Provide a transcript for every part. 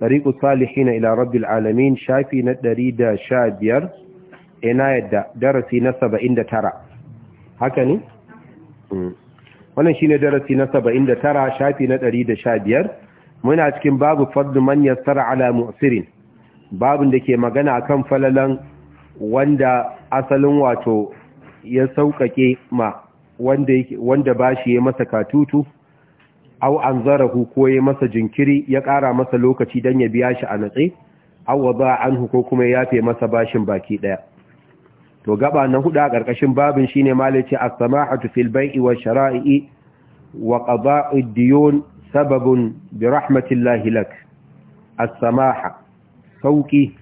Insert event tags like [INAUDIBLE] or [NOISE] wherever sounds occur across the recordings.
طريق الصالحين إلى رب العالمين شافي ندريد شابير na درسي da إند ترى هكذا wannan shine darasi na saba'in da tara, shafi na ɗari da sha biyar. muna cikin babu fardu man yassara alamu asirin, babin da ke magana a kan falalan wanda asalin wato ya sauƙaƙe ma wanda ba shi ya masa katutu Au an zarahu ko ya masa jinkiri ya ƙara masa lokaci dan ya biya shi a natsi aw an anhu ko kuma ya yafe masa bashin baki daya to gaba na hudu a ƙarƙashin babin shine malaci as-samahatu fil bai'i wa shara'i wa qada'i ad-diyun sababun bi rahmatillahi lak as-samaha sauki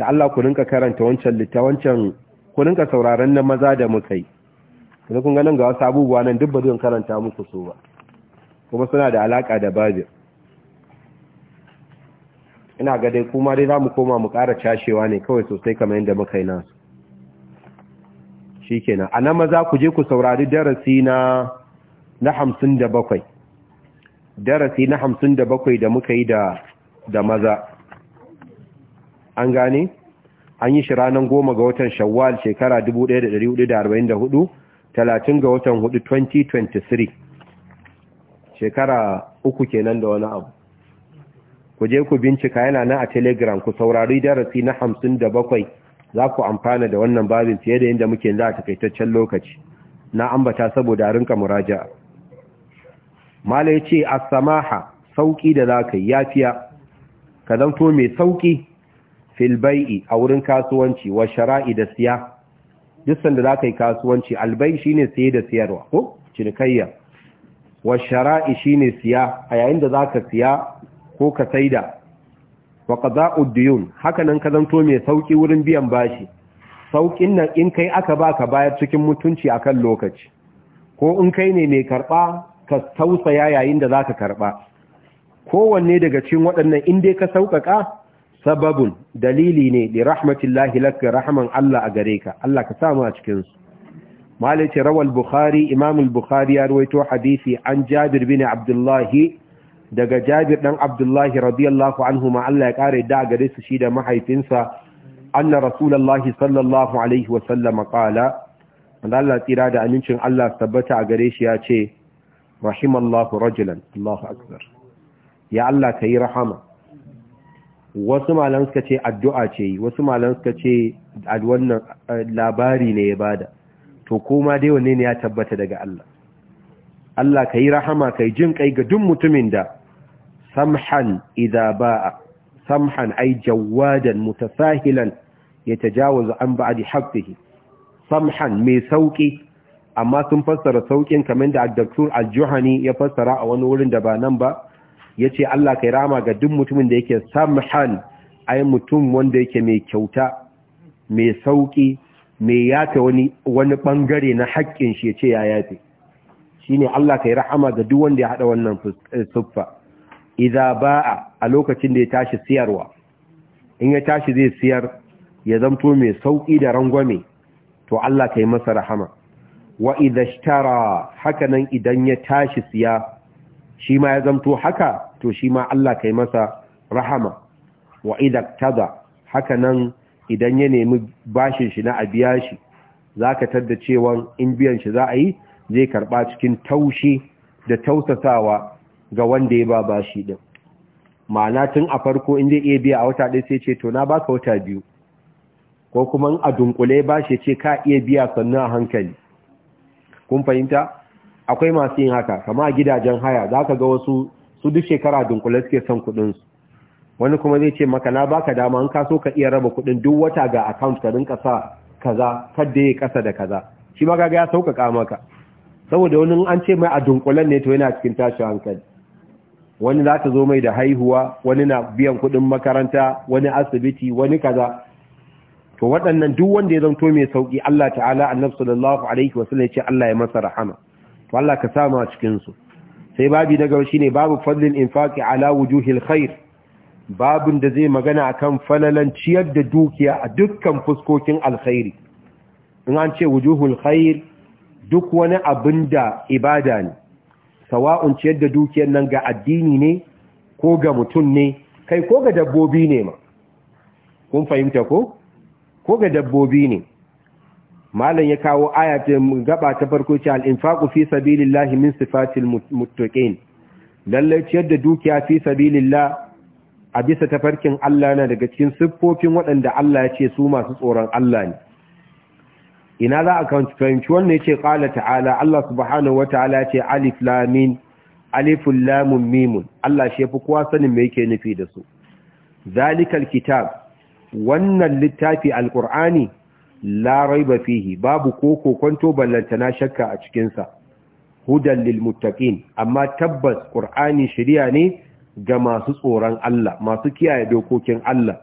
da Allah ku rinka karanta wancan littawancan ku rinka sauraron nan maza da mukai da kun ganin ga wasu abubuwa nan duk ba zai karanta muku so ba kuma suna da alaka da babir ina ga dai kuma dai za mu koma mu ƙara cashewa ne kawai sosai kamar yadda muka yi nasu shi kenan a nan maza ku je ku saurari darasi na na hamsin da bakwai darasi na hamsin da bakwai da muka yi da da maza an gane an yi shi ranar goma ga watan shawwal shekara 1444 Talatin ga watan hudu 2023 shekara uku kenan da wani abu ku je ku bincika yana nan a telegram ku saurari darasi na hamsin 57 za ku amfana da wannan babin fiye da yadda muke za a takaitaccen lokaci na ambata saboda rinka muraja mala ya ce asamaha sauƙi da za ka yi yafiya ka zanto mai sauƙi filbai'i a wurin kasuwanci wa shara'i da siya duk sanda za ka yi kasuwanci albai ne saye da siyarwa ko cinikayya wa shara'i ne siya a yayin da za ka siya ko ka saida wa qada'ud haka nan ka zanto mai sauki wurin biyan bashi saukin nan in kai aka ba ka bayar cikin mutunci akan lokaci ko in kai ne mai karba ka tausaya yayin da za ka karɓa. kowanne daga cikin waɗannan in dai ka sauƙaƙa sababun dalili ne da rahmatillahi laka rahman Allah a gare ka Allah ka samu a cikinsu su malice rawal bukhari imam al-bukhari ya rawaito hadisi an jabir bin abdullahi daga jabir dan abdullahi radiyallahu anhu ma Allah ya kare da gare su shi da mahaifinsa anna rasulallahi sallallahu alaihi wa sallam qala Allah tsira da amincin Allah tabbata a gare shi ya ce rahimallahu rajulan Allahu akbar ya Allah yi rahama wasu malan suka ce addu'a ce yi wasu malan suka ce wannan eh, labari ne ya bada to kuma dai wanne ne ya tabbata daga Allah Allah ka yi rahama ka yi jin kai ga duk mutumin da samhan idza ba'a samhan ay jawadan mutasahilan yatajawazu an ba'di haqqihi samhan mai sauki amma sun fassara saukin kamar da Dr. al-juhani ya fassara a wani wurin da ba nan ba ya ce Allah kai rama ga duk mutumin da yake samhan ai mutum wanda yake mai kyauta mai sauƙi mai yafe wani wani ɓangare na haƙƙin shi ya ce ya yafe shi ne Allah kai rahama ga duk wanda ya haɗa wannan eh, siffa idza ba'a a lokacin da ya tashi siyarwa in ya tashi zai siyar ya zanto mai sauƙi da rangwame to Allah kai masa rahama wa idza ishtara nan idan ya tashi siya shi ma ya zanto haka to shi ma Allah kai masa rahama wa idaktada haka nan idan ya nemi bashin shi na a biya shi zaka tadda cewa in biyan shi za a yi zai karba cikin taushi da tausasawa ga wanda ya ba bashi din ma'ana tun a farko in zai iya biya a wata ɗaya sai ce to na baka wata biyu ko kuma a dunkule bashi ce ka iya biya sannan a hankali kun fahimta akwai masu yin haka kama a gidajen haya za ka ga wasu su duk shekara dunkule suke son kuɗin su wani kuma zai ce maka na baka dama an kaso ka iya raba kuɗin duk wata ga account ka rinka sa kaza kadda ya kasa da kaza shi ma kaga ya sauƙaƙa maka saboda wani an ce mai a dunkulen ne to yana cikin tashin hankali wani za ta zo mai da haihuwa wani na biyan kuɗin makaranta wani asibiti wani kaza to waɗannan duk wanda ya zanto mai sauƙi Allah ta'ala annabi sallallahu alaihi wasallam ya ce Allah ya masa rahama to Allah ka a cikin su sai babi na gaba shine babu fadlin infaqi ala wujuhil khair babun da zai magana akan falalan ciyar da dukiya a dukkan fuskokin alkhairi in an ce wujuhul khair duk wani abin da ibada ne sawa'un ciyar da dukiyar nan ga addini ne ko ga mutum ne kai ko ga dabbobi ne ma kun fahimta ko ko ga dabbobi ne malam ya kawo aya ta gaba ta farko ce al-infaqu fi sabilillahi min sifatil muttaqin lalle ciyar yadda dukiya fi sabilillah a bisa tafarkin Allah na daga cikin siffofin waɗanda Allah ya ce su masu tsoron Allah ne ina za a fahimci wannan ce ƙala ta'ala Allah subhanahu wata'ala ce alif lamun mimun Allah shi fi kowa sanin me yake nufi da su zalikal kitab wannan littafi alqur'ani la raiba fihi babu ko kokonto ballantana shakka a cikinsa hudan lil muttaqin amma tabbas qur'ani shari'a ne ga masu tsoron Allah masu kiyaye dokokin Allah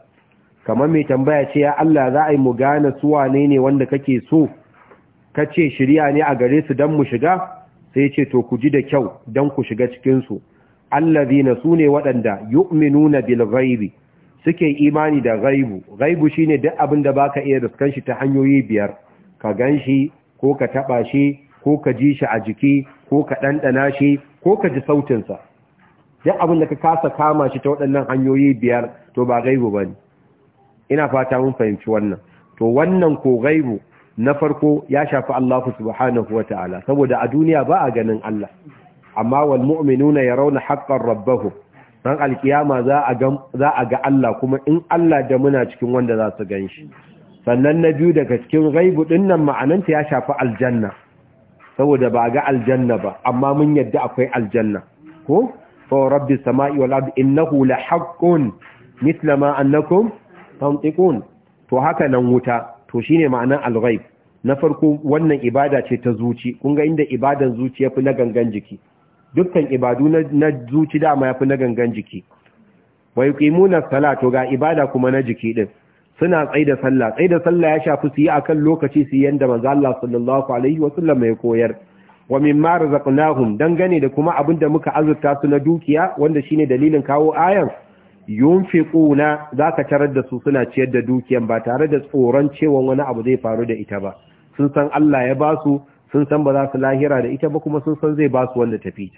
kamar mai tambaya ce ya Allah za a yi mu gane su wane ne wanda kake so kace shari'a ne a gare su dan mu shiga sai ce to ku ji da kyau dan ku shiga cikin su allazina sune waɗanda yu'minuna bil ghaibi suke imani da gaibu gaibu shine duk abin da baka iya riskan shi ta hanyoyi biyar ka ganshi, ko ka taba shi ko ka ji shi a jiki ko ka dandana shi ko ka ji sa duk abin da ka kasa kama shi ta waɗannan hanyoyi biyar to ba gaibu bane ina fata mun fahimci wannan to wannan ko gaibu na farko ya shafi Allah subhanahu wata'ala saboda a duniya ba a ganin Allah amma wal mu'minuna yarawna haqqan rabbahum ran alkiyama za a ga Allah kuma in Allah da muna cikin wanda za su gan shi sannan na biyu daga cikin ra'ibu ɗinnan ma'ananta ya shafi aljanna saboda ba a ga aljanna ba amma mun yadda akwai aljanna ko fa rabbi sama'i wal ardi innahu la haqqun mithla ma annakum tantiqun to haka nan wuta to shine ma'anan al-ghaib na farko wannan ibada ce ta zuci kun ga inda ibadan zuci yafi na gangan jiki dukkan ibadu na zuci dama yafi na gangan jiki wai qimuna salata ga ibada kuma na jiki din suna tsaida sallah tsaida sallah ya shafi su yi akan lokaci su yanda manzo Allah sallallahu alaihi wasallam ya koyar wa mimma razaqnahum dangane da kuma abinda muka azurta su na dukiya wanda shine dalilin kawo ayan yunfiquna zaka tarar da su suna ciyar da dukiyan ba tare da tsoron cewa wani abu zai faru da ita ba sun san Allah ya ba su sun san ba za su lahira da ita ba kuma sun san zai ba su wanda tafi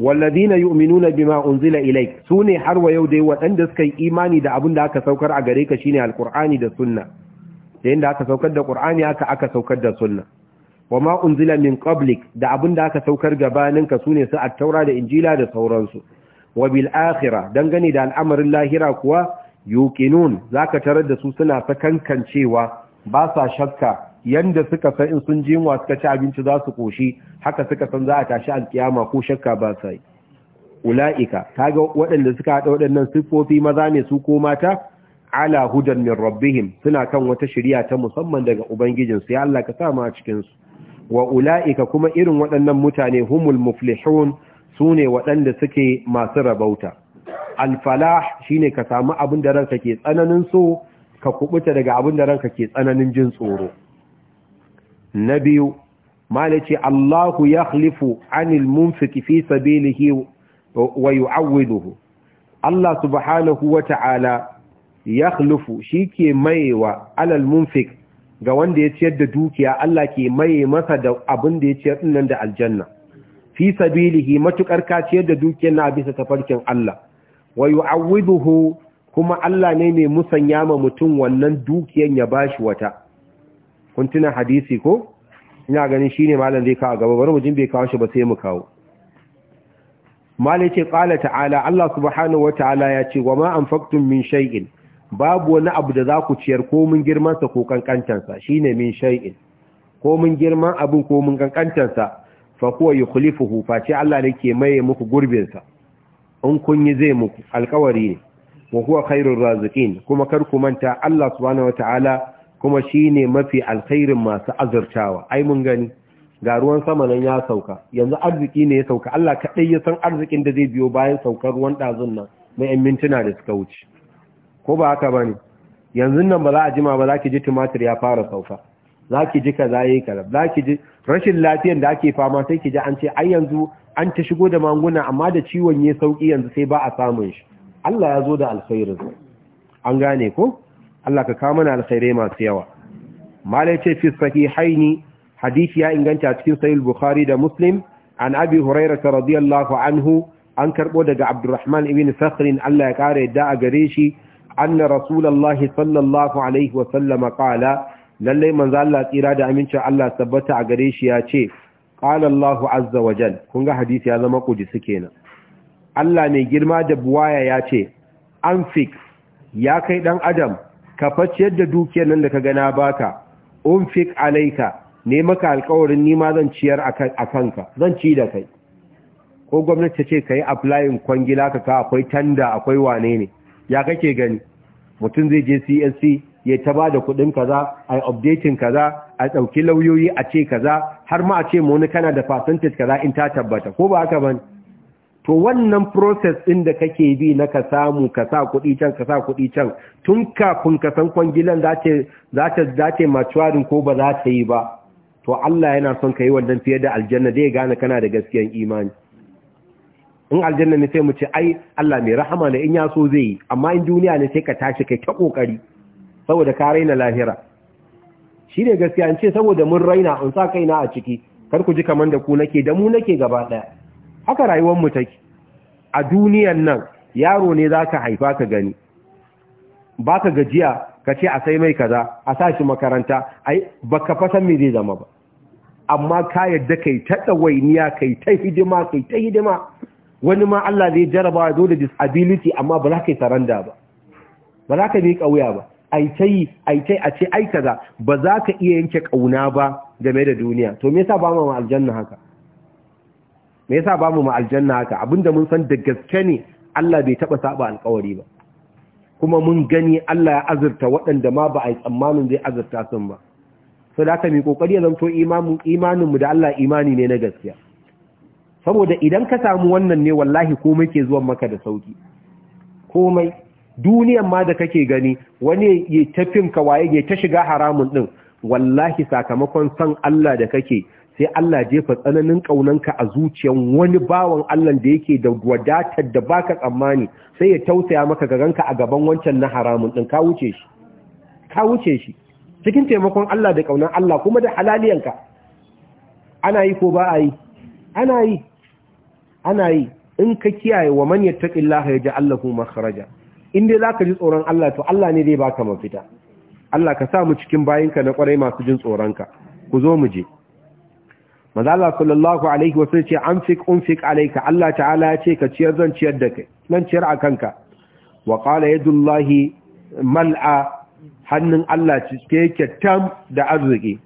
wallazina yu'minuna bima unzila ilayk sune har wa yau dai waɗanda suka yi imani da abin da aka saukar a gare ka shine alqur'ani da sunna da yanda aka saukar da qur'ani aka aka saukar da sunna ma unzila min qablik da abin da aka saukar ka sune su at-taura da injila da sauransu wa bil akhirah dangane da al'amarin lahira kuwa yuqinun zaka tarar da su suna sakankancewa ba sa shakka yanda suka san in sun jinwa suka ci abinci za su koshi haka suka san za a tashi alkiyama ko shakka ba sa yi ula'ika kaga waɗanda suka haɗa waɗannan siffofi maza ne su ko mata ala hudan min rabbihim suna kan wata shiriya ta musamman daga ubangijin su ya Allah ka sa a cikin su wa ula'ika kuma irin waɗannan mutane humul muflihun su ne waɗanda suke masu rabauta al-falah shine ka samu abin da ranka ke tsananin so ka kubuta daga abin da ranka ke tsananin jin tsoro na biyu ce Allahu ya khalifu anil munfiki fi sabilihi wa yu'awwiduhu Allah subhanahu wa ta'ala ya khalifu shi ke mayewa alal munfik ga wanda ya ciyar da dukiya Allah ke maye masa da abin da ya ciyar nan da aljanna fi sabilihi matukar ka ciyar da dukiyar na bisa tafarkin Allah wa yu'awwiduhu kuma Allah ne mai musanya ma mutum wannan dukiyar ya bashi wata kun hadisi ko ina ganin shine malam zai kawo gaba bari mu jin bai kawo shi ba sai mu kawo malai ce qala ta'ala Allah subhanahu ta'ala ya ce wa ma anfaqtum min shay'in babu wani abu da za ku ciyar ko mun girman sa ko kankantan sa shine min shay'in ko mun girman abin ko mun kankantan sa fa kuwa yukhlifuhu fa ce Allah ne ke maye muku gurbin sa in kun yi zai muku alkawari ne wa huwa khairur raziqin kuma kar ku manta Allah subhanahu ta'ala. kuma shine mafi alkhairin masu azurtawa ai mun gani ga ruwan sama nan ya sauka yanzu arziki ne ya sauka Allah kaɗai ya san arzikin da zai biyo bayan saukar ruwan ɗazun nan mai 'yan mintuna da suka wuce ko ba haka ba ne yanzu nan ba za a jima ba za ki ji tumatir ya fara sauka za ki ji kaza yi kaza za ki ji rashin lafiyar da ake fama sai ki ji an ce ai yanzu an ta shigo da magunguna amma da ciwon ya sauki yanzu sai ba a samun shi Allah ya zo da alkhairin an gane ko Allah ka kawo mana alkhairai masu yawa mala ce fi sahihaini hadisi ya inganta cikin sahih bukhari da muslim an abi hurairah radiyallahu anhu an karbo daga abdurrahman ibn sakhrin Allah ya kare da a gare shi anna rasulullahi sallallahu alaihi wa sallama qala lalle manzo Allah tsira da amincin Allah tabbata a gare shi ya ce qala Allahu azza wa jal kun ga hadisi ya zama kujisi kenan Allah mai girma da buwaya ya ce anfik ya kai dan adam ka faciyar yadda dukiyar nan da ka gana baka unfik alaika ne maka alkawarin nima zan ciyar a kanka zan ci da kai ko gwamnati ta ce ka yi aflayin kwangila ka ka akwai tanda akwai wane ne ya kake gani mutum zai je csc ya ta ba da kudin kaza a yi updating kaza a ɗauki lauyoyi a ce kaza har ma a ce mu wani kana da percentage kaza in ta tabbata ko ba haka bane to wannan process ɗin da kake bi na ka samu ka sa kuɗi can ka sa kuɗi can tun kafin ka san kwangilan za ta za ta matuwarin ko ba za ta yi ba to Allah yana son ka yi wannan fiye da aljanna ya gane kana da gaskiyar imani in aljanna ne sai mu ce ai Allah mai rahama ne in ya so zai yi amma in duniya ne sai ka tashi kai ta kokari saboda ka raina lahira shi ne gaskiya in ce saboda mun raina in sa kaina a ciki kar ku ji kaman da ku nake da mu nake gaba daya haka rayuwar mu take a duniyan nan yaro ne za ka haifa ka gani Ba ka gajiya ka ce a sai mai kaza a sa shi makaranta ai ba fa me zai zama ba amma ka yadda kai ta tsawainiya kai ta hidima kai ta hidima wani ma Allah zai jaraba ya zo da disability amma ba za ka yi saranda ba ba za ka yi ƙauya ba ta yi, a ce ai kaza ba za ka iya yanke kauna ba game da duniya to me yasa ba mu aljanna haka me yasa ba ma aljanna haka abinda mun san da gaske ne Allah bai taba saba alƙawari ba kuma mun gani Allah ya azurta waɗanda ma ba a yi tsammanin zai azurta sun ba so da haka mai kokari ya zanto imanin imanin mu da Allah imani ne na gaskiya saboda idan ka samu wannan ne wallahi komai ke zuwa maka da sauki komai duniyar ma da kake gani wani ya tafin ka waye ya ta shiga haramun din wallahi sakamakon san Allah da kake sai Allah jefa tsananin ƙaunanka a zuciyan wani bawan Allah da yake da wadatar da baka tsammani sai ya tausaya maka ga ranka a gaban wancan na haramun din ka wuce shi ka wuce shi cikin taimakon Allah da ƙaunar Allah kuma da halaliyanka ana yi ko ba a yi ana yi ana yi in ka kiyaye wa man yattaqillaha yaj'al lahu makhraja in dai zaka ji tsoron Allah to Allah ne zai baka mafita Allah ka sa mu cikin bayinka na kwarai masu jin tsoronka ku zo mu je maza Allah sallallahu alaihi wasu ce an fi unfik alaika Allah ta'ala ya ce ka ciyar zan ciyar da kai nan ciyar a kanka wa qala yadullahi mal'a hannun Allah ke yake da arziki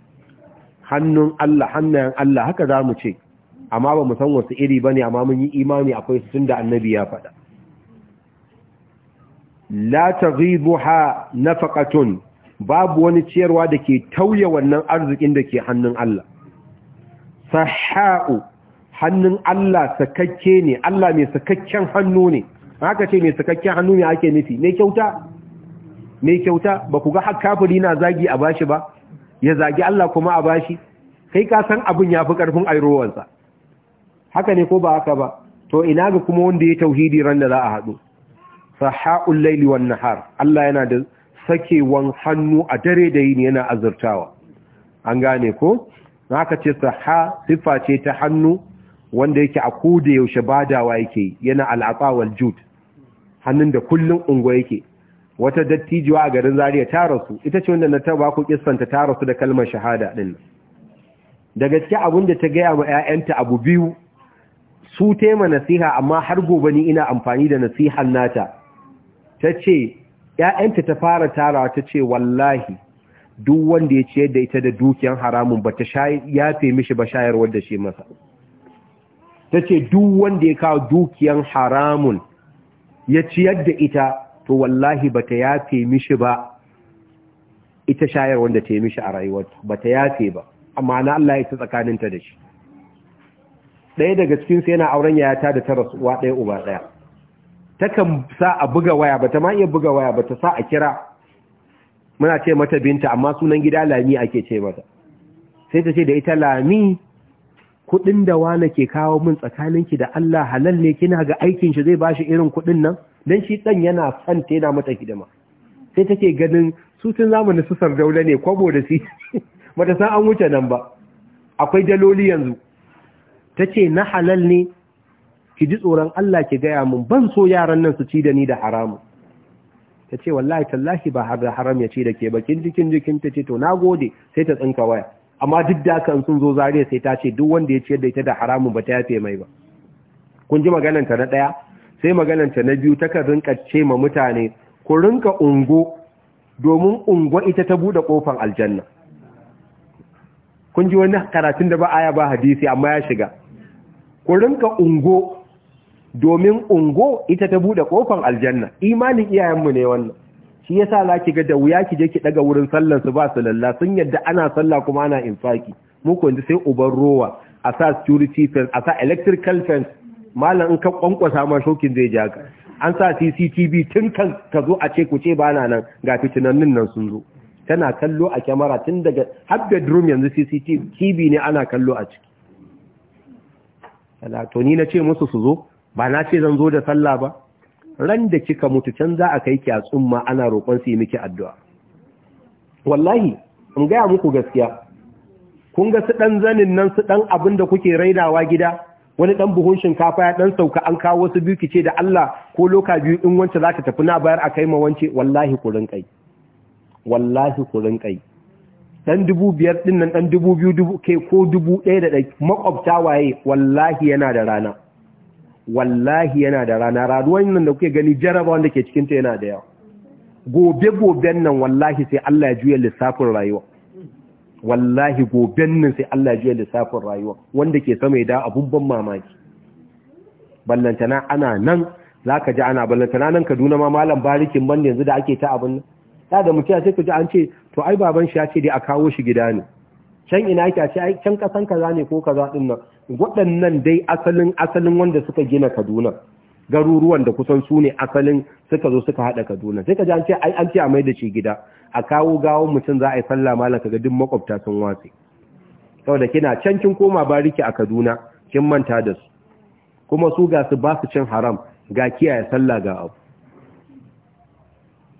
hannun Allah hannayen Allah haka za mu ce amma ba mu san wasu iri ba ne amma mun yi imani akwai su tun da annabi ya faɗa la taghibuha nafaqatun babu wani ciyarwa da ke tauye wannan arzikin da ke hannun Allah sahau hannun Allah sakakke ne Allah mai sakakken hannu ne haka ce mai sakakken hannu ne ake nufi mai kyauta mai kyauta ba ku ga har kafiri na zagi a bashi ba ya zagi Allah kuma a bashi kai ka san abin ya fi karfin airowarsa haka ne ko ba haka ba to ina ga kuma wanda ya tauhidi ran da za a haɗu Sahau laili wan nahar Allah yana da sakewan hannu a dare da yini yana azurtawa an gane ko na aka ce saha siffa ce ta hannu wanda yake a koda yaushe badawa yake yana al'aqa wal jud hannun da kullum ungo yake wata dattijuwa a garin Zariya ta rasu ita ce wanda na taba ku kisanta ta rasu da kalmar shahada din da gaske abin da ta gaya wa ƴaƴanta abu biyu su tema nasiha amma har gobe ni ina amfani da nasihan nata tace ƴaƴanta ta fara tarawa tace wallahi duk wanda ya ciyar da ita da dukiyan haramun ba ta fi mishi ba shayarwar da shi masa ta ce duk wanda ya kawo dukiyar haramun ya ciyar da ita to wallahi ba ta yafe mishi ba ita shayarwar da ta yi mishi a rayuwarta ba ta yafe ba amma na Allah ya ta tsakaninta da shi ɗaya daga cikinsu yana auren yayata da ta rasuwa ɗaya uba ɗaya takan sa a buga waya ba ta ma iya buga waya ba ta sa a kira muna ce mata binta amma sunan gida lami ake ce mata sai ta ce da ita lami kudin da wane ke kawo min ki da Allah halal ne kina ga aikin shi zai bashi irin kudin nan dan shi dan yana san ta yana mata hidima sai take ganin su tun zamanin su daula ne kwabo da si mata [LAUGHS] san an wuce nan ba akwai daloli yanzu tace na halal ne ki ji tsoron Allah ki gaya mun ban so yaran nan su ci da ni da haramun ta ce wallahi tallahi ba har haram ya ce da ke bakin jikin jikin ta ce to na gode sai ta tsinka waya amma duk da kan sun zo zariya sai ta ce duk wanda ya ce da ita da haramun ba ta yafe mai ba kun ji ta na ɗaya sai ta na biyu ta kan rinka ce ma mutane ku rinka ungo domin ungo ita ta bude kofar aljanna kun ji wani karatun da ba aya ba hadisi amma ya shiga ku rinka ungo domin ungo ita ta bude kofan aljanna imanin iyayenmu ne wannan shi yasa za ki ga da wuya ki je ki daga wurin sallar su ba su lalla sun yadda ana sallah kuma ana infaki mu ko sai uban rowa a sa security fence a sa electrical fence malam in ka kwankwasa ma shokin zai ja ka an sa CCTV tun kan ka zo a ce ku ce ba nan ga fitinannin nan sun zo tana kallo a kyamara tun daga har drum yanzu CCTV ne ana kallo a ciki to ni na ce musu su zo ba na ce zan zo da sallah ba ran da kika mutu can za a kai ki a tsumma ana roƙon su yi miki addu'a wallahi in gaya muku gaskiya kun ga su dan zanin nan su dan abin da kuke raidawa gida wani dan buhun shinkafa ya dan sauka an kawo wasu biyu kice da Allah ko loka biyu din wance za ta tafi na bayar a kai ma wance wallahi ku rinƙai wallahi ku rinkai dan dubu biyar din nan dan dubu biyu dubu ke ko dubu ɗaya da ɗai makwabta waye wallahi yana da rana wallahi yana da rana raduwan nan da kuke gani jaraba wanda ke cikin ta yana da yawa gobe goben nan wallahi sai Allah ya juya lissafin rayuwa wallahi goben nan sai Allah ya juya lissafin rayuwa wanda ke sama ya da abun ban mamaki ballantana ana nan zaka ji ana ballantana nan Kaduna ma malam barikin banda yanzu da ake ta abin nan da da mutiya sai ku ji an ce to ai baban shi ya ce dai a kawo shi gida ne can ina ake a ce ai can kasan kaza ne ko kaza din nan waɗannan dai asalin asalin wanda suka gina Kaduna garuruwan da kusan su ne asalin suka zo suka haɗa Kaduna sai ka ji an ce ai an ce a mai da shi gida a kawo gawon mutum za a yi sallah mala kaga duk makwabta sun watse saboda kina can kin koma bariki a Kaduna kin manta da su kuma su ga su ba su cin haram ga kiyaye sallah ga abu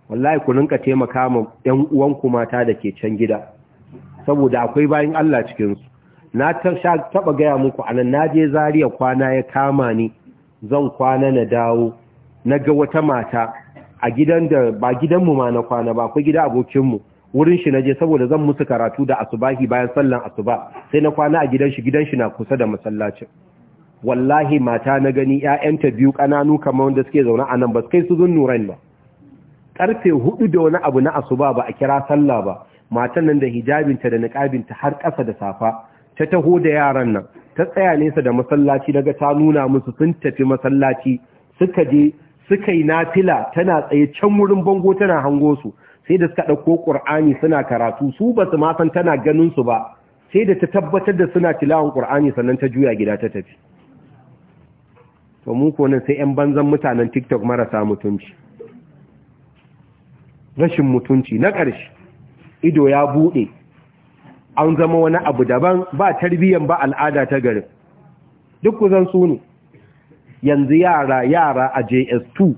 wallahi ku rinka taimaka ma 'yan uwanku mata da ke can gida saboda akwai bayan Allah cikinsu na taɓa gaya muku anan na je zariya kwana ya kama ni zan kwana na dawo na ga wata mata a gidan da ba gidanmu ma na kwana ba akwai gida abokinmu wurin shi naje saboda zan musu karatu da asubahi bayan sallan asuba sai na kwana a gidan shi gidan shi na kusa da masallacin wallahi mata na gani ƴaƴanta biyu kananu kamar wanda suke zaune anan nan ba kai su zun nuran ba karfe hudu da wani abu na asuba ba a kira sallah ba matan nan da hijabinta da niqabinta har ƙasa da safa ta taho da yaran nan ta tsaya nesa da masallaci daga ta nuna musu sun tafi masallaci suka je suka yi nafila tana tsaye can wurin bango tana hango su sai da suka ɗauko ƙur'ani suna karatu su ba su san tana ganin su ba sai da ta tabbatar da suna tilawan ƙur'ani sannan ta juya gida ta tafi to mu ko nan sai 'yan banzan mutanen tiktok marasa mutunci rashin mutunci na ƙarshe ido ya buɗe an zama wani abu daban ba tarbiyyan ba al'ada ta garin duk kuzan su ne yanzu yara yara a JS2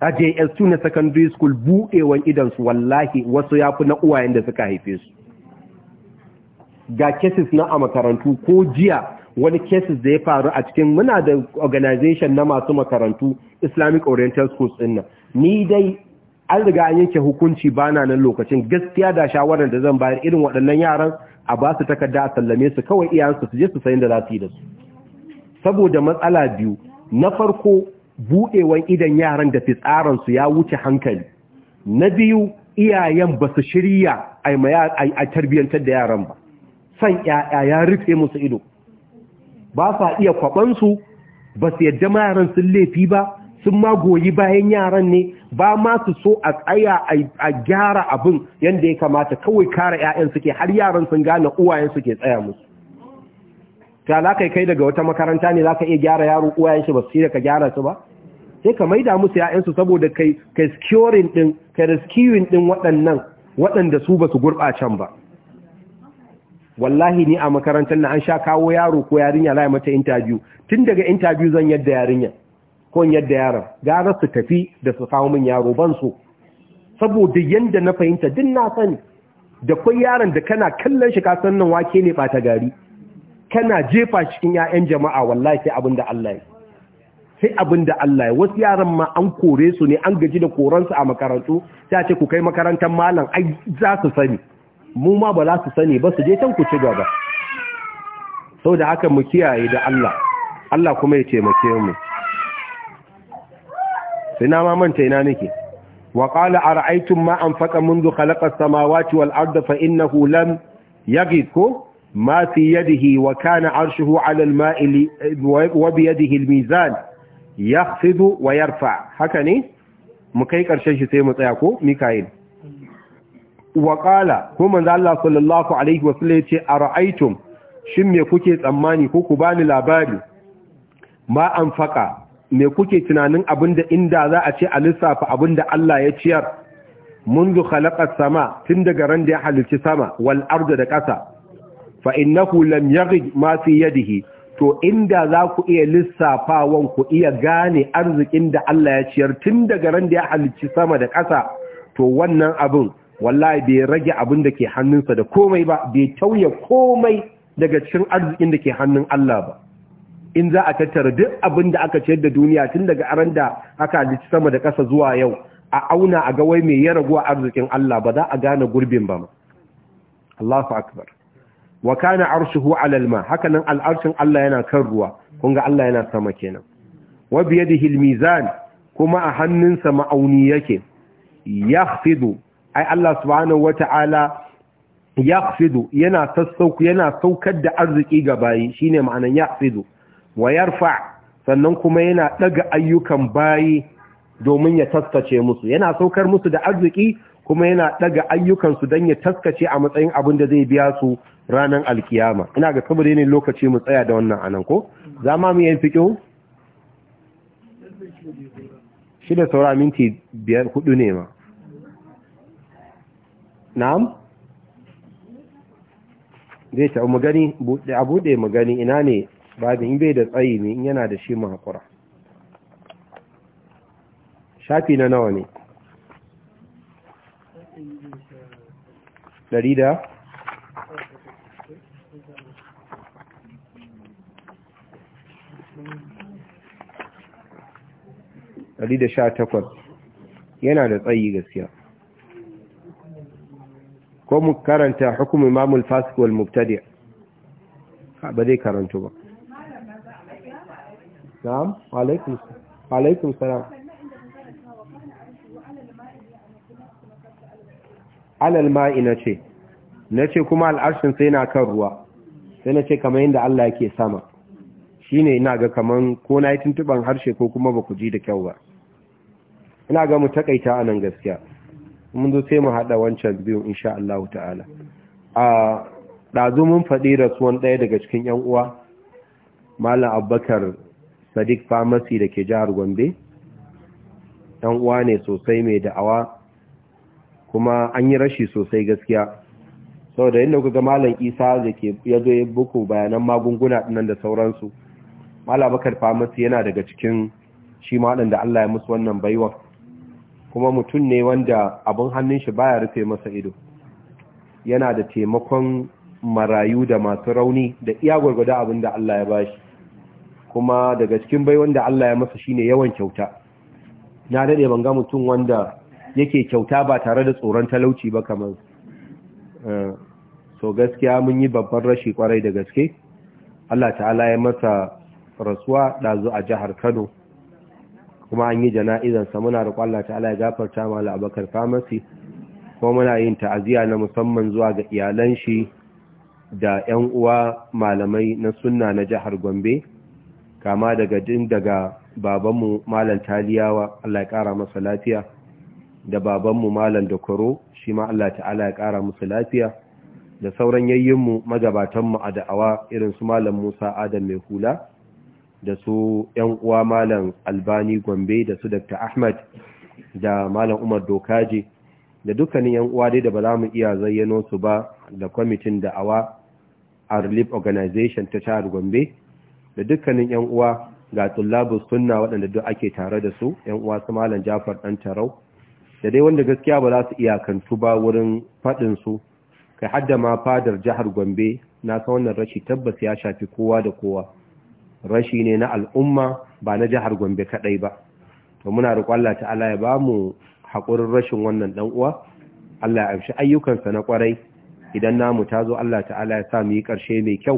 a JS2 na secondary school buɗewan idansu wallahi wasu yafi na uwayen da suka haife su ga cases na a makarantu ko jiya wani cases da ya faru a cikin muna da organization na masu makarantu Islamic Oriental Schools din nan ni dai an riga an yanke hukunci bana nan lokacin gaskiya da shawarar da zan bayar irin waɗannan yaran a ba su takarda a sallame su kawai iyansu su je su sayin da za su yi da su saboda matsala biyu na farko buɗewan idan yaran da fitsaran su ya wuce hankali na biyu iyayen ba su shirya a tarbiyyantar da yaran ba san ya'ya ya rufe musu ido ba sa iya kwaɓansu ba su yadda ma yaran sun laifi ba sun ma goyi bayan yaran ne ba ma su so a tsaya a gyara abin yadda ya kamata kawai kare 'ya'yan suke har yaran sun gane uwayen suke tsaya musu ta za kai daga wata makaranta ne za ka iya gyara yaro uwayen shi ba su da ka gyara su ba sai ka maida musu 'ya'yansu saboda kai kai din kai rescuing din waɗannan waɗanda su ba su gurɓacen ba wallahi ni a makarantar na an sha kawo yaro ko yarinya lai mata interview tun daga interview zan yadda yarinya ko yadda yaran gara su tafi da su kawo min yaro ban so saboda yanda na fahimta duk na sani da kwai yaran da kana kallon shi kasan nan wake ne ta gari kana jefa cikin 'ya'yan jama'a wallahi sai abin da Allah ya sai abin da Allah ya wasu yaran ma an kore su ne an gaji da koransu a makarantu sai a ce ku kai makarantar malam ai za su sani mu ma ba za su sani ba su je can ku ci gaba sau da haka mu kiyaye da Allah Allah kuma ya taimake mu sai na ma manta ina nake wa qala ara'aytum ma anfaqa منذ khalaqa as-samawati wal arda fa innahu lam yaghid ko ma fi yadihi wa kana arshuhu 'ala al-ma'i wa bi yadihi al-mizan yakhfidu wa yarfa haka ne mu kai karshen shi sai mu tsaya ko mikail wa qala ko manzo Allah sallallahu alaihi wa sallam yace ara'aytum shin me kuke tsammani ko ku bani labari ma anfaqa me kuke tunanin abin da inda za a ce a lissafa abin da Allah ya ciyar sama tun da ya السماء sama wal يحلق da والأرض fa innahu lam yaghid ma fi yadihi to inda za ku iya lissafawan ku iya gane arzikin da Allah ya ciyar tun daga ran da ya halicci sama da ƙasa to wannan abin wallahi bai rage abin da ke hannunsa da komai ba bai tauye komai daga cikin arzikin da ke hannun Allah ba in za a tattara duk abin da aka ciyar da duniya tun daga aran da aka halitta sama da ƙasa zuwa yau a auna a ga wai mai ya a arzikin Allah ba za a gane gurbin ba Allahu akbar wa kana arshuhu ala alma hakanan arshin Allah yana kan ruwa kun ga Allah yana sama kenan wa bi yadihi mizan kuma a hannunsa ma'auni yake yakhfidu ai Allah subhanahu wata'ala yakhfidu yana sassauka yana saukar da arziki ga bayi shine ma'anan yakhfidu wa yarfa sannan kuma yana daga ayyukan bayi domin ya taskace musu yana saukar musu da arziki kuma yana daga ayyukan su dan ya taskace a matsayin abin da zai biya su ranar alkiyama ina ga kamar ne lokaci mu tsaya da wannan anan ko zama mu yi fiqhu shi da saura minti biyar hudu ne ma na'am zai ta magani a buɗe magani ina ne babin in bai da tsayi ne in yana da shi mu haƙura shafi na nawa ne ɗari da ɗari da sha takwas yana da tsayi gaskiya ko mu karanta hukumar mamul fasikowar mubtadi ba zai karanta ba na'am alaikum salam alal ma'i na ce na kuma al'arshin yana kan ruwa sai na ce kamar yadda Allah yake sama shi ne ina ga kamar ko na yi tuntuban harshe ko kuma ba ku ji da kyau ba ina ga mu takaita a nan gaskiya mun zo sai mu haɗa wancan biyu insha Allah ta'ala a ɗazu mun faɗi rasuwan ɗaya daga cikin 'yan uwa malam abubakar sadiq pharmacy da ke jihar gombe ɗan uwa ne sosai mai da'awa kuma an yi rashi sosai gaskiya saboda yadda kuka ga malam isa da ke ya zo ya buku bayanan magunguna ɗinan da sauransu malam bakar pharmacy yana daga cikin shi ma allah ya musu wannan baiwa kuma mutum ne wanda abin hannun shi baya rufe masa ido yana da taimakon marayu da masu rauni da iya gwargwada abin da Allah ya bashi kuma daga cikin bai wanda Allah ya masa shine yawan kyauta na dade ban ga mutum wanda yake kyauta ba tare da tsoron talauci ba kamar eh, so gaskiya mun yi babban rashi kwarai da gaske Allah ta'ala ya masa rasuwa ɗazu a jihar Kano kuma an yi sa muna roƙon Allah ta'ala ya gafarta ma Abubakar Famasi kuma muna yin ta'aziyya na musamman zuwa ga iyalan shi da 'yan uwa malamai na sunna na jihar Gombe kama daga din daga babanmu malam taliyawa Allah ya kara masa lafiya da babanmu malam dakoro shi ma Allah ta'ala ya kara musu lafiya da sauran yayyinmu magabatanmu a da'awa irin su malam Musa Adam mai hula da su yan uwa malam Albani Gombe da su Dr. Ahmad da malam Umar Dokaje da dukkanin yan uwa dai da ba za mu iya zayyano su ba da kwamitin da'awa a relief organization ta jihar Gombe da dukkanin yan uwa ga tullabu sunna waɗanda duk ake tare da su yan uwa su malam Jafar ɗan Tarau da dai wanda gaskiya ba za su iyakantu ba wurin faɗin su kai hadda ma fadar jihar Gombe na san wannan rashi tabbas ya shafi kowa da kowa rashi ne na al'umma ba na jihar Gombe kaɗai ba to muna roƙon Allah ta'ala ya ba mu haƙurin rashin wannan ɗan uwa Allah ya amshi ayyukansa na kwarai idan namu ta zo Allah ta'ala ya sa mu yi ƙarshe mai kyau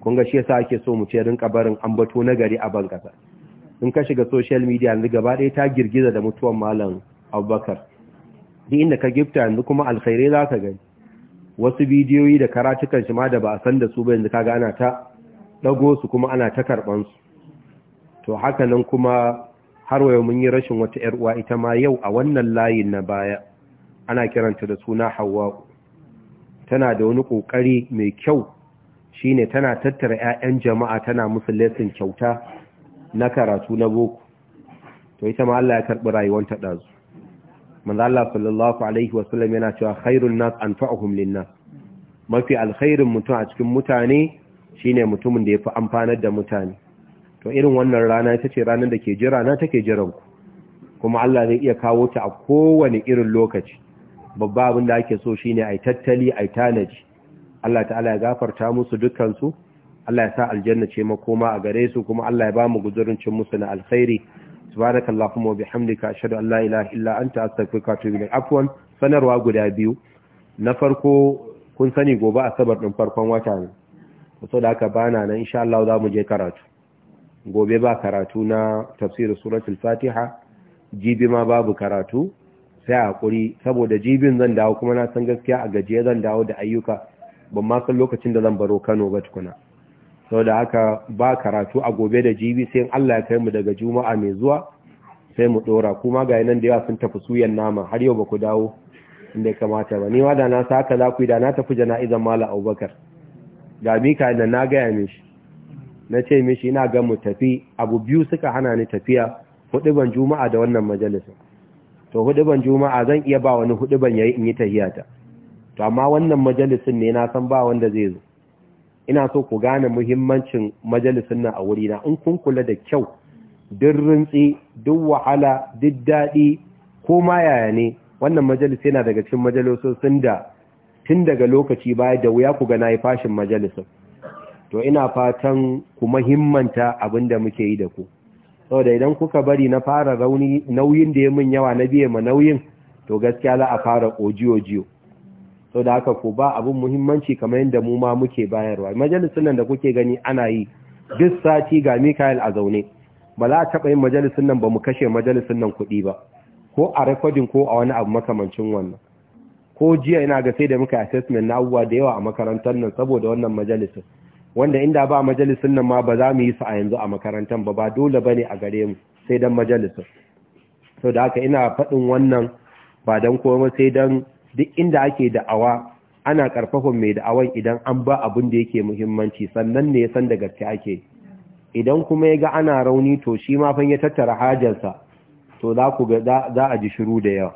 kun ga shi yasa ake so mu ce rinka barin ambato na gari a ban kasa in ka shiga social media yanzu gaba ɗaya ta girgiza da mutuwan malam abubakar duk inda ka gifta yanzu kuma alkhairai za ka gani wasu bidiyoyi da karatukan shi ma da ba a san da su ba yanzu kaga ana ta ɗago su kuma ana ta karɓan su to haka nan kuma har wayo mun yi rashin wata ‘yar uwa ita ma yau a wannan layin na baya ana kiranta da suna Hawwa tana da wani ƙoƙari mai kyau Shi ne tana tattara 'ya'yan jama'a tana musu kyauta na karatu na boko to ita ma Allah ya karɓi rayuwar ta ɗazu manzo Allah sallallahu alaihi wasallam yana cewa khairun nas anfa'uhum linnas mafi alkhairin mutum a cikin mutane shine mutumin da ya fi amfanar da mutane to irin wannan rana ita ce ranar da ke jira na take jiran ku kuma Allah zai iya kawo ta a kowane irin lokaci babba abin da ake so shine ai tattali ai tanaji Allah ta'ala ya gafarta musu dukansu Allah ya sa aljanna ce makoma a gare su kuma Allah ya ba mu guzurin cin musu na alkhairi subhanakallahumma wa bihamdika ashhadu an la ilaha illa anta astaghfiruka wa atubu afwan sanarwa guda biyu na farko kun sani gobe asabar din farkon wata ne to da haka bana nan insha Allah za mu je karatu gobe ba karatu na tafsirin suratul fatiha jibi ma babu karatu sai a hakuri saboda jibin zan dawo kuma na san gaskiya a gajiye zan dawo da ayyuka ban ma san lokacin da zan baro Kano ba tukuna saboda haka ba karatu a gobe da jibi sai in Allah ya kai mu daga juma'a mai zuwa sai mu dora kuma ga yanan da yawa sun tafi suyan nama har yau ba ku dawo inda kamata ba ni ma da na saka haka za ku yi da na tafi jana'izan mala abubakar ga mika da na gaya mishi na ce mishi ina ga mu tafi abu biyu suka hana ni tafiya Hudu ban juma'a da wannan majalisa. to hudu ban juma'a zan iya ba wani hudu ban yayi in yi tahiyata to amma wannan majalisin ne na san ba wanda zai zo ina so ku gane muhimmancin majalisin nan a wurina in kun kula da kyau duk rintsi duk wahala duk daɗi ko ma yaya ne wannan majalis yana daga cikin majalisosin da tun daga lokaci baya da wuya ku ga nayi fashin majalisin to ina fatan ku mahimmanta abin da muke yi da ku saboda idan kuka bari na fara rauni nauyin da ya min yawa na biye ma nauyin to gaskiya za a fara ojiyo jiyo sau da haka ko ba abin muhimmanci kamar yadda mu ma muke bayarwa majalisun nan da kuke gani ana yi duk sati ga mikael a zaune ba za a taɓa yin majalisun nan ba mu kashe majalisun nan kuɗi ba ko a rekodin ko a wani abu makamancin wannan ko jiya ina ga sai da muka yi assessment na abubuwa da yawa a makarantar nan saboda wannan majalisun wanda inda ba majalisun nan ma ba za mu yi su a yanzu a makarantar ba ba dole ba ne a gare mu sai don majalisun sau da haka ina faɗin wannan ba don komai sai don duk inda ake da'awa ana karfafan mai da'awan idan an ba abin da yake muhimmanci sannan ne ya san da gaske ake idan kuma ya ga ana rauni to shi ma fanye tattara hajarsa to za ku ga za a ji shiru da yawa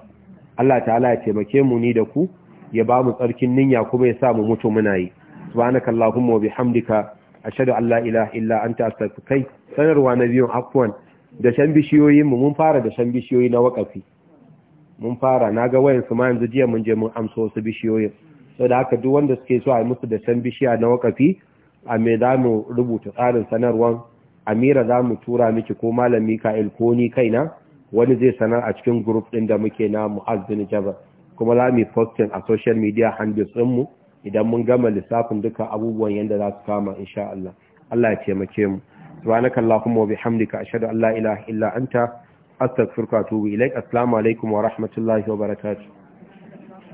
Allah ta'ala ya taimake mu ni da ku ya ba mu tsarkin ninya kuma ya sa mu mutu muna yi subhanaka allahumma wa bihamdika ashhadu an la ilaha illa anta astaghfiruka sanarwa na biyun afwan da shan bishiyoyin mun fara da shan bishiyoyi na wakafi mun fara na ga wayan su ma yanzu jiya mun je mun amsa wasu bishiyoyin sau da haka duk wanda suke so a yi musu da can bishiya na wakafi a me za mu rubuta tsarin sanarwan amira za mu tura miki ko malami ka'il ko ni kaina wani zai sanar a cikin group din da muke na mu'azzin jabar kuma za mu posting a social media handles mu idan mun gama lissafin dukkan abubuwan yadda za su kama insha Allah Allah ya taimake mu allahumma wa bihamdika ashhadu an la ilaha illa anta astaghfiruka wa atubu ilaik assalamu alaikum wa rahmatullahi wa barakatuh